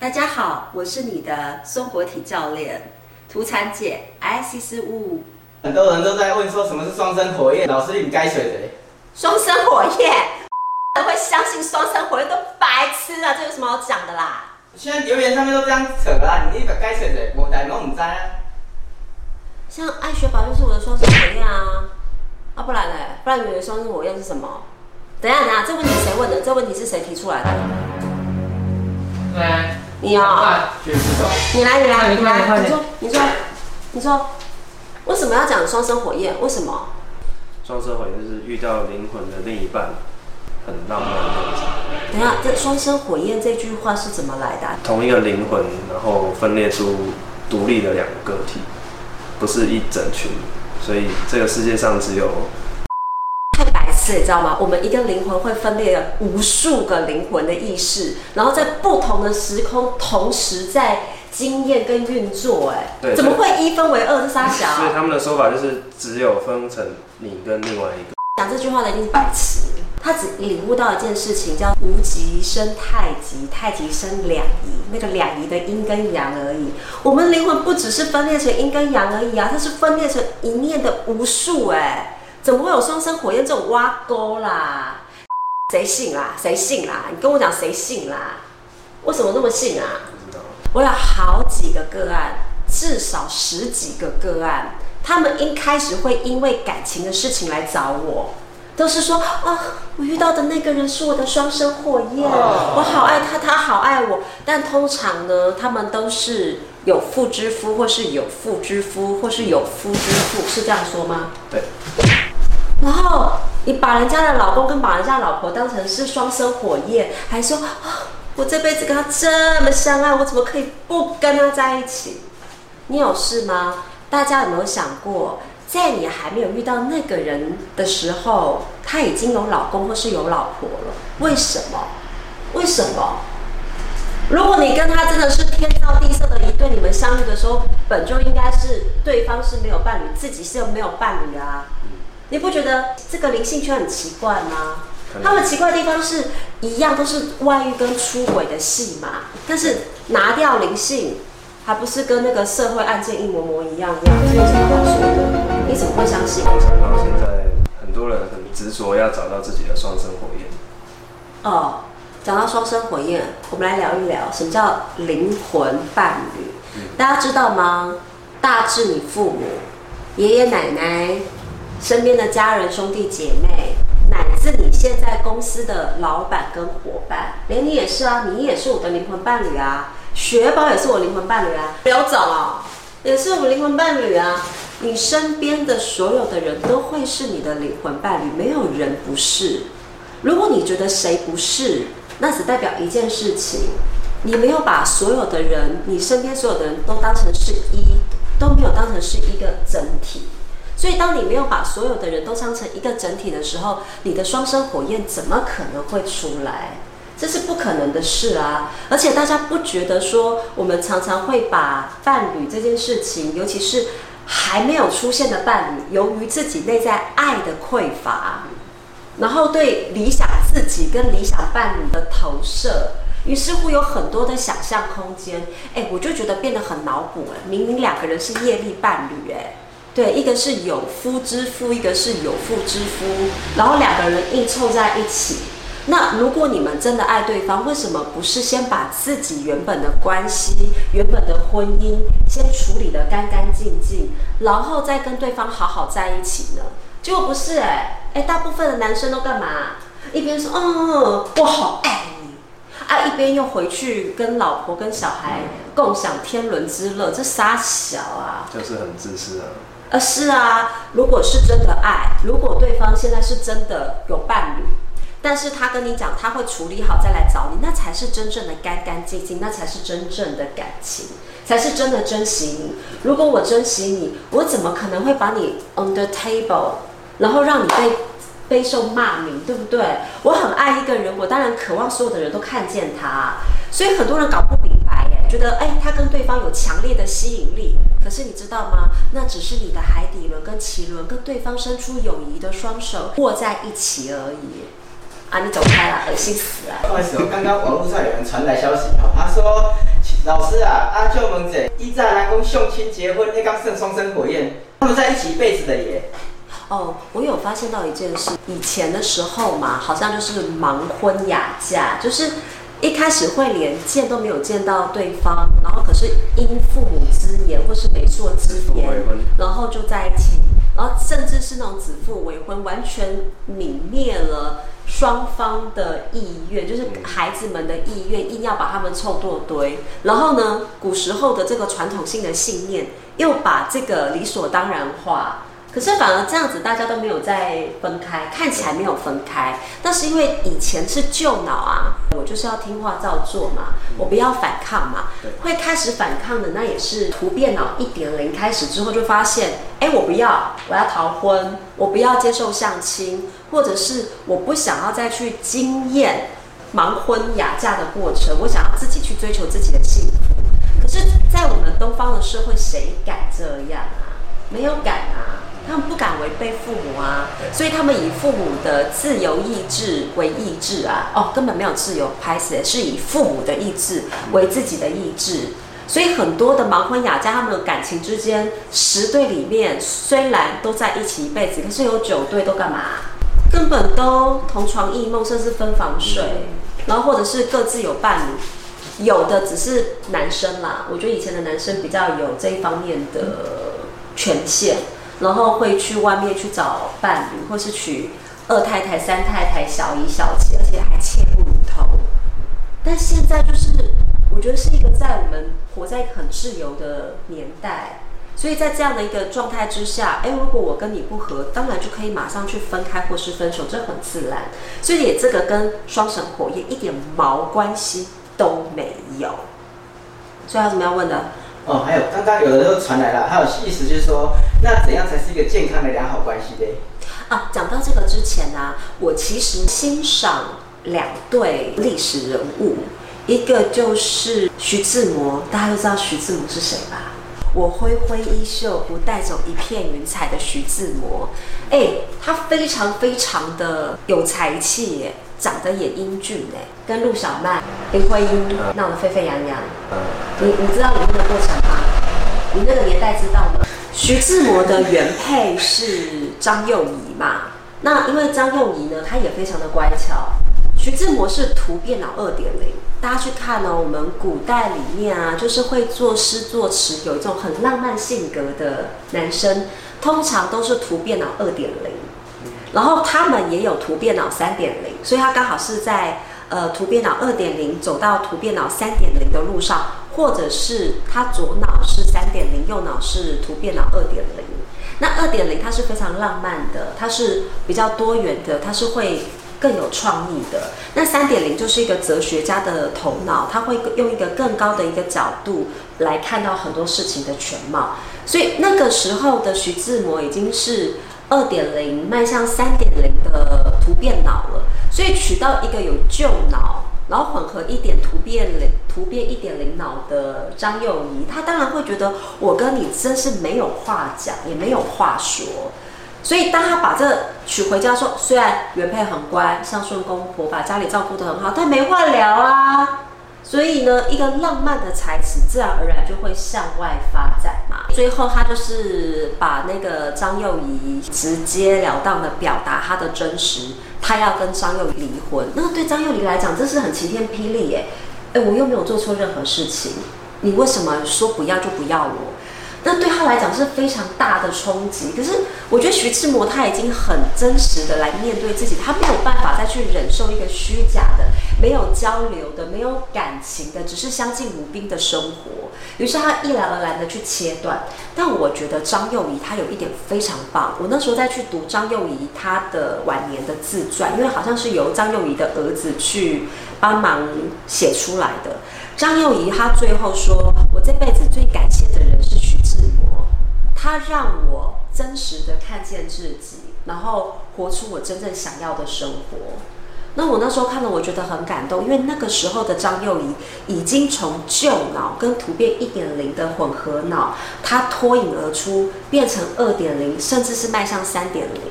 大家好，我是你的生活體教練，土產姐 i 四五。很多人都在問說什麼是雙生火焰，老師你該選誰？雙生火焰，會相信雙生火焰都白痴啊！這有什麼好講的啦？現在留言上面都這樣扯啦、啊，你一個該選誰？我無代攏唔知啊。像愛學寶就是我的雙生火焰啊，啊不然嘞，不然你的雙生火焰是什麼？等一下，等一下，這問題誰問的？這問題是誰提出來的？對、啊。你要，你來，你來，你來,你來,你來,你來你，你說，你說，你說，為什麼要講雙生火焰？為什麼？雙生火焰就是遇到靈魂的另一半，很浪漫的樣子。等下，這雙生火焰這句話是怎麼來的啊？同一個靈魂，然後分裂出獨立的兩個個體，不是一整群，所以這個世界上只有。你知道嗎？我們一個靈魂會分裂了無數個靈魂的意識，然後在不同的時空同時在經驗跟運作。哎，對，怎麼會一分為二？這三小啊？所以他們的說法就是，只有分成你跟另外一個。講這句話的一定是白痴。他只領悟到一件事情，叫無極生太極，太極生兩儀，那個兩儀的陰跟陽而已。我們靈魂不只是分裂成陰跟陽而已啊，它是分裂成一念的無數哎。怎麼會有雙生火焰這種挖溝啦？誰信啦？誰信啦？你跟我講誰信啦？我怎麼那麼信啊？我有好幾個個案，至少十幾個個案，他們一開始會因為感情的事情來找我，都是說啊，我遇到的那個人是我的雙生火焰，我好愛他，他好愛我。但通常呢，他們都是有婦之夫，或是有婦之夫，或是有夫之婦，是這樣說嗎？對。然後你把人家的老公跟把人家的老婆當成是雙生火焰，還說，哦，我這輩子跟他這麼相愛，我怎麼可以不跟他在一起？你有事嗎？大家有沒有想過，在你還沒有遇到那個人的時候，他已經有老公或是有老婆了？為什麼？為什麼？如果你跟他真的是天造地設的一對，你們相遇的時候，本就應該是對方是沒有伴侶，自己是沒有伴侶啊。你不覺得這個靈性圈很奇怪嗎？嗯、他們奇怪的地方、就是一樣，都是外遇跟出軌的戲碼。但是拿掉靈性，還不是跟那個社會案件一模模一樣，樣？有、嗯、什麼好說的？嗯、你怎麼會相信？我想到現在，很多人很執着要找到自己的雙生火焰。哦，講到雙生火焰，我們來聊一聊什麼叫靈魂伴侶。嗯、大家知道嗎？大致你父母、爺爺奶奶。身邊的家人、兄弟姐妹，乃至你現在公司的老板跟夥伴，連你也是啊，你也是我的靈魂伴侶啊，雪寶也是我靈魂伴侶啊，表嫂也是我們靈魂伴侶啊，你身邊的所有的人都會是你的靈魂伴侶，沒有人不是。如果你覺得誰不是，那只代表一件事情，你沒有把所有的人，你身邊所有的人都當成是一，都沒有當成是一個整體。所以，當你沒有把所有的人都當成一個整體的時候，你的雙生火焰怎麼可能會出來？這是不可能的事啊！而且大家不覺得說，我們常常會把伴侶這件事情，尤其是還沒有出現的伴侶，由於自己內在愛的匱乏，然後對理想自己跟理想伴侶的投射，於是乎有很多的想象空間。哎，欸，我就覺得變得很腦補，欸，明明兩個人是業力伴侶，欸，哎。對，一個是有夫之婦，一個是有婦之夫，然後兩個人硬湊在一起。那如果你們真的愛對方，為什麼不是先把自己原本的關係、原本的婚姻先處理得乾乾淨淨，然後再跟對方好好在一起呢？結果不是哎、欸、大部分的男生都幹嘛？一邊說，嗯，我好愛你啊，一邊又回去跟老婆跟小孩共享天倫之樂，這啥小啊，就是很自私啊。呃、啊，是啊，如果是真的愛，如果對方現在是真的有伴侶，但是他跟你講他會處理好再來找你，那才是真正的乾乾淨淨，那才是真正的感情，才是真的珍惜你。如果我珍惜你，我怎麼可能會把你 on the table，然後讓你被備受罵名，對不對？我很愛一個人，我當然渴望所有的人都看見他，所以很多人搞不明白、欸，耶，覺得哎、欸、他跟對方有強烈的吸引力。可是你知道嗎？那只是你的海底輪跟臍輪跟對方伸出友誼的雙手握在一起而已。啊，你走開啦，惡、欸、心死了。不好意思，我剛剛網絡上有人傳來消息啊、喔，他說老師啊，阿舅門姐一再南跟秀清結婚，那剛是雙生火焰，他們在一起一輩子的耶。哦，我有發現到一件事，以前的時候嘛，好像就是盲婚啞嫁，就是。一開始會連見都沒有見到對方，然後可是因父母之言或是媒妁之言，然後就在一起，然後甚至是那種指腹為婚，完全泯滅了雙方的意願，就是孩子們的意願，硬要把他們湊做堆。然後呢，古時候的這個傳統性的信念，又把這個理所當然化。可是反而這樣子，大家都沒有再分開，看起來沒有分開。但是因為以前是舊腦啊，我就是要聽話照做嘛，我不要反抗嘛。會開始反抗的，那也是突變腦一點零開始之後就發現，哎、欸，我不要，我要逃婚，我不要接受相親，或者是我不想要再去經驗盲婚啞嫁的過程，我想要自己去追求自己的幸福。可是，在我們東方的社會，誰敢這樣啊？沒有敢啊。他們不敢違背父母啊，所以他們以父母的自由意志為意志啊，哦，根本沒有自由。拍謝，是以父母的意志為自己的意志。所以很多的盲婚啞嫁，他們的感情之間十對裡面雖然都在一起一輩子，可是有九對都幹嘛啊？根本都同床異夢，甚至分房睡，嗯，然後或者是各自有伴侶。有的只是男生啦，我覺得以前的男生比較有這一方面的權限。然後會去外面去找伴侶，或是娶二太太、三太太、小姨、小姐，而且還妾不如偷。但現在就是，我覺得是一個在我們活在很自由的年代，所以在這樣的一個狀態之下誒，如果我跟你不合，當然就可以馬上去分開或是分手，這很自然。所以也這個跟雙生火焰一點毛關係都沒有。所以還有什麼要問的？哦，還有剛剛有人都傳來了，還有意思就是說，那怎樣才是一個健康的良好關係呢？啊，講到這個之前呢、啊，我其實欣賞兩對歷史人物，一個就是徐志摩，大家都知道徐志摩是誰吧？我揮揮衣袖，不帶走一片雲彩的徐志摩，哎、欸，他非常非常的有才氣，長得也英俊，哎，跟陸小曼、林徽因鬧得沸沸揚揚。你你知道裡面的過程？你那個年代知道嗎？徐志摩的原配是張幼儀嘛？那因為張幼儀呢，她也非常的乖巧。徐志摩是圖變腦二點零，大家去看呢、哦，我們古代裡面啊，就是會作詩作詞，有一種很浪漫性格的男生，通常都是圖變腦二點零，然後他們也有圖變腦三點零，所以他剛好是在呃圖變腦二點零走到圖變腦三點零的路上。或者是他左腦是三點零，右腦是圖變腦二點零。那二點零它是非常浪漫的，它是比較多元的，它是會更有創意的。那三點零就是一個哲學家的頭腦，他會用一個更高的一個角度來看到很多事情的全貌。所以那個時候的徐志摩已經是二點零邁向三點零的圖變腦了。所以取到一個有舊腦。然後混合一點突變突變一點領導的張幼儀，他當然會覺得我跟你真是沒有話講，也沒有話說。所以當他把這娶回家說，雖然原配很乖，孝順公婆，把家裡照顧得很好，但沒話聊啊。所以呢，一個浪漫的才子自然而然就會向外發展嘛。最後他就是把那個張幼儀直截了當的表達他的真實。他要跟張幼儀離婚，那對張幼儀來講，這是很晴天霹靂誒、欸。哎、欸，我又沒有做錯任何事情，你為什麼說不要就不要我？那對他來講是非常大的衝擊。可是，我覺得徐志摩他已經很真實的來面對自己，他沒有辦法再去忍受一個虛假的、沒有交流的、沒有感情的、只是相敬如賓的生活。於是，他毅然而然的去切斷。但我覺得張幼儀她有一點非常棒。我那時候再去讀張幼儀她的晚年的自傳，因為好像是由張幼儀的兒子去幫忙寫出來的。張幼儀她最後說：“我這輩子最感謝的人。”他讓我真實的看見自己，然後活出我真正想要的生活。那我那時候看了，我覺得很感動，因為那個時候的張幼儀已經從舊腦跟突變一點零的混合腦，它脫穎而出，變成二點零，甚至是邁向三點零。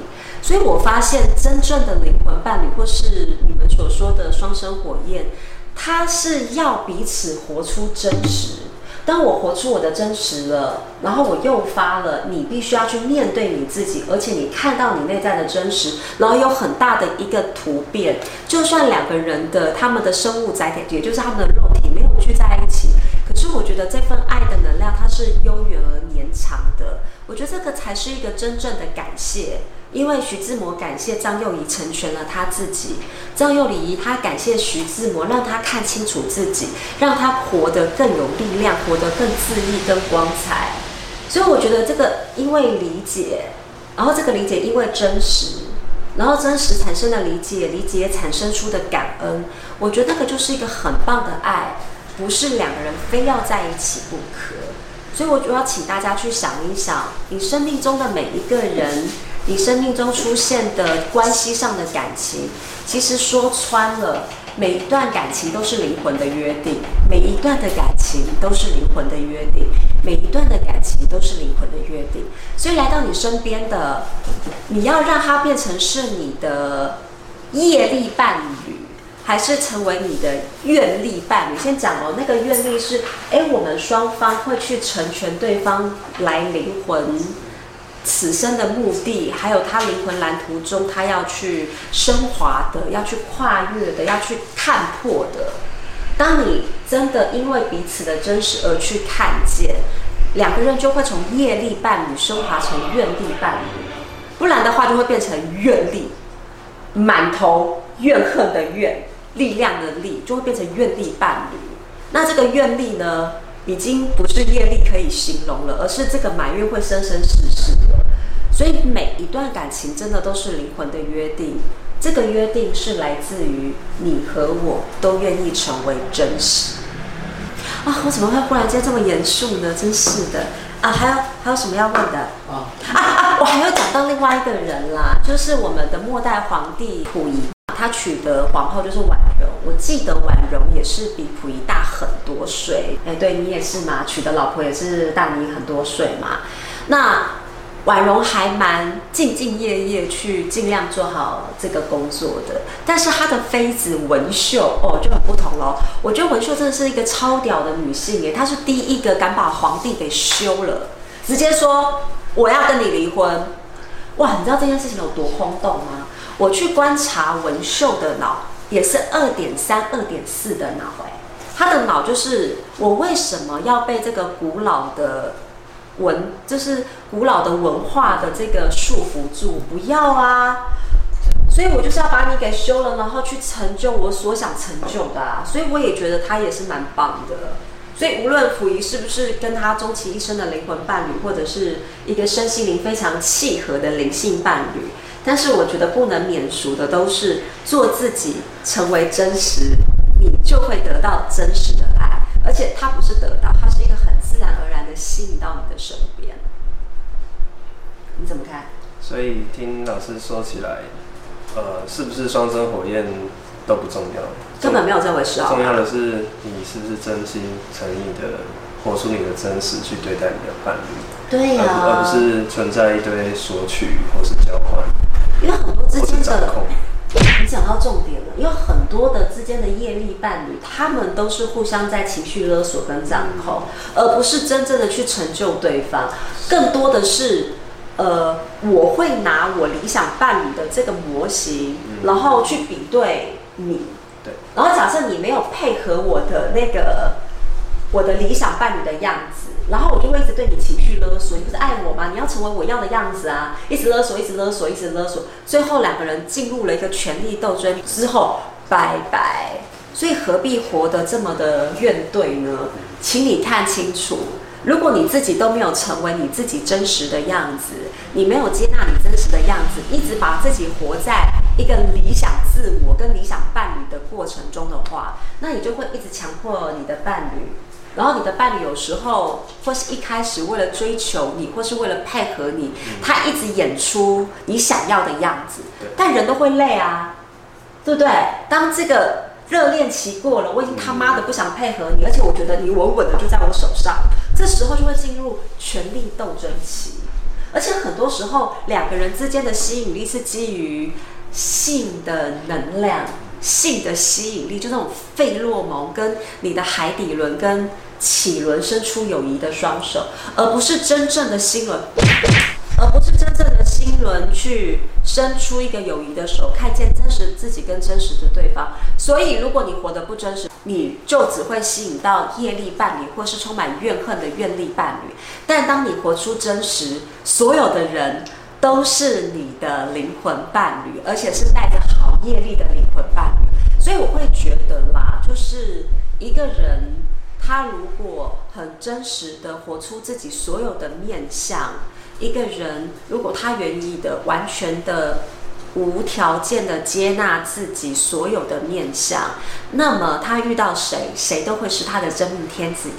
所以我發現，真正的靈魂伴侶，或是你們所說的雙生火焰，他是要彼此活出真實。當我活出我的真實了，然後我誘發了你，必須要去面對你自己，而且你看到你內在的真實，然後有很大的一個突變。就算兩個人的他們的生物載體，也就是他們的肉體沒有聚在一起，可是我覺得這份愛的能量它是悠遠而綿長的。我覺得這個才是一個真正的感謝。因為徐志摩感謝張幼儀成全了他自己，張幼儀他感謝徐志摩，讓他看清楚自己，讓他活得更有力量，活得更自立、更光彩。所以我覺得這個因為理解，然後這個理解因為真實，然後真實產生的理解，理解產生出的感恩，我覺得這個就是一個很棒的愛，不是兩個人非要在一起不可。所以我就要請大家去想一想，你生命中的每一個人。你生命中出現的關係上的感情，其實說穿了，每一段感情都是靈魂的約定。每一段的感情都是靈魂的約定。每一段的感情都是靈魂的約定。所以來到你身邊的，你要讓它變成是你的業力伴侶，還是成為你的願力伴侶？我先講哦，那個願力是，誒，我們雙方會去成全對方來靈魂。此生的目的，還有他靈魂藍圖中他要去升華的、要去跨越的、要去看破的。當你真的因為彼此的真實而去看見，兩個人就會從業力伴侶升華成願力伴侶。不然的話，就會變成怨力，滿頭怨恨的怨，力量的力，就會變成怨力伴侶。那這個願力呢，已經不是業力可以形容了，而是這個滿願會生生世世。所以每一段感情真的都是靈魂的約定，這個約定是來自於你和我都願意成為真實啊！我怎麼會忽然間這麼嚴肅呢？真是的啊！還有還有什麼要問的啊？啊，啊我還要講到另外一個人啦，就是我們的末代皇帝溥儀，他娶的皇後就是婉容。我記得婉容也是比溥儀大很多歲，哎、欸，對你也是嘛？娶的老婆也是大你很多歲嘛？那。婉容還蠻兢兢業業去儘量做好這個工作的，但是她的妃子文繡哦就很不同咯，我覺得文繡真的是一個超屌的女性耶，她是第一個敢把皇帝給休了，直接說我要跟你離婚。哇，你知道這件事情有多轟動嗎？我去觀察文繡的腦也是二點三、二點四的腦哎，她的腦就是我為什麼要被這個古老的。文就是古老的文化的這個束縛住，不要啊！所以我就是要把你給修了，然後去成就我所想成就的啊。所以我也覺得他也是蠻棒的。所以無論溥儀是不是跟他終其一生的靈魂伴侶，或者是一個身心靈非常契合的靈性伴侶，但是我覺得不能免俗的都是做自己，成為真實，你就會得到真實的愛。而且他不是得到，他是。吸引到你的身邊，你怎麼看？所以聽老師說起來，呃，是不是雙生火焰都不重要重，根本沒有這回事，哦。重要的是你是不是真心誠意的活出你的真實去對待你的伴侶，對呀，啊，而不是存在一堆索取或是交換。講到重點了，因為很多的之間的業力伴侶，他們都是互相在情緒勒索跟掌控，嗯，而不是真正的去成就對方。更多的是，呃，我會拿我理想伴侶的這個模型，嗯，然後去比對你，對，然後假設你沒有配合我的那個。我的理想伴侶的樣子，然後我就會一直對你情緒勒索。你不是愛我嗎？你要成為我要的樣子啊！一直勒索，一直勒索，一直勒索。最後兩個人進入了一個權力鬥爭之後，拜拜。所以何必活得這麼的怨懟呢？請你看清楚，如果你自己都沒有成為你自己真實的樣子，你沒有接納你真實的樣子，一直把自己活在一個理想自我跟理想伴侶的過程中的話，那你就會一直強迫你的伴侶。然後你的伴侶有時候，或是一開始為了追求你，或是為了配合你，他一直演出你想要的樣子。對。但人都會累啊，對不對？當這個熱戀期過了，我已經他媽的不想配合你，嗯，而且我覺得你穩穩的就在我手上，這時候就會進入權力鬥爭期。而且很多時候，兩個人之間的吸引力是基於性的能量。性的吸引力，就那種費洛蒙，跟你的海底輪跟臍輪伸出友誼的雙手，而不是真正的心輪，而不是真正的心輪去伸出一個友誼的手，看見真實自己跟真實的對方。所以，如果你活得不真實，你就只會吸引到業力伴侶或是充滿怨恨的怨力伴侶。但當你活出真實，所有的人都是你的靈魂伴侶，而且是帶着好業力的靈魂伴侶。所以我會覺得啦，就是一個人，他如果很真實的活出自己所有的面相，一個人如果他願意的、完全的、無條件的接納自己所有的面相，那麼他遇到誰，誰都會是他的真命天子。